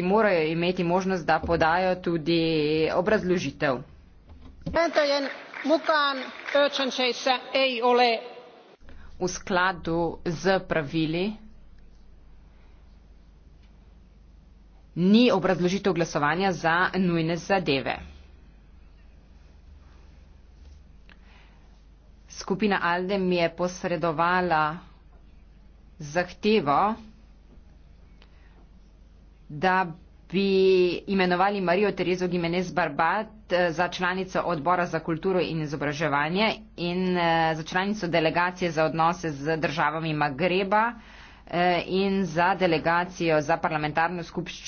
morajo imeti možnost, da podajo tudi obrazložitev. V skladu z pravili ni obrazložitev glasovanja za nujne zadeve. Skupina Alde mi je posredovala zahtevo, da bi imenovali Marijo Terezo Gimenez Barbat eh, za članico odbora za kulturo in izobraževanje in eh, za članico delegacije za odnose z državami Magreba eh, in za delegacijo za parlamentarno skupščino.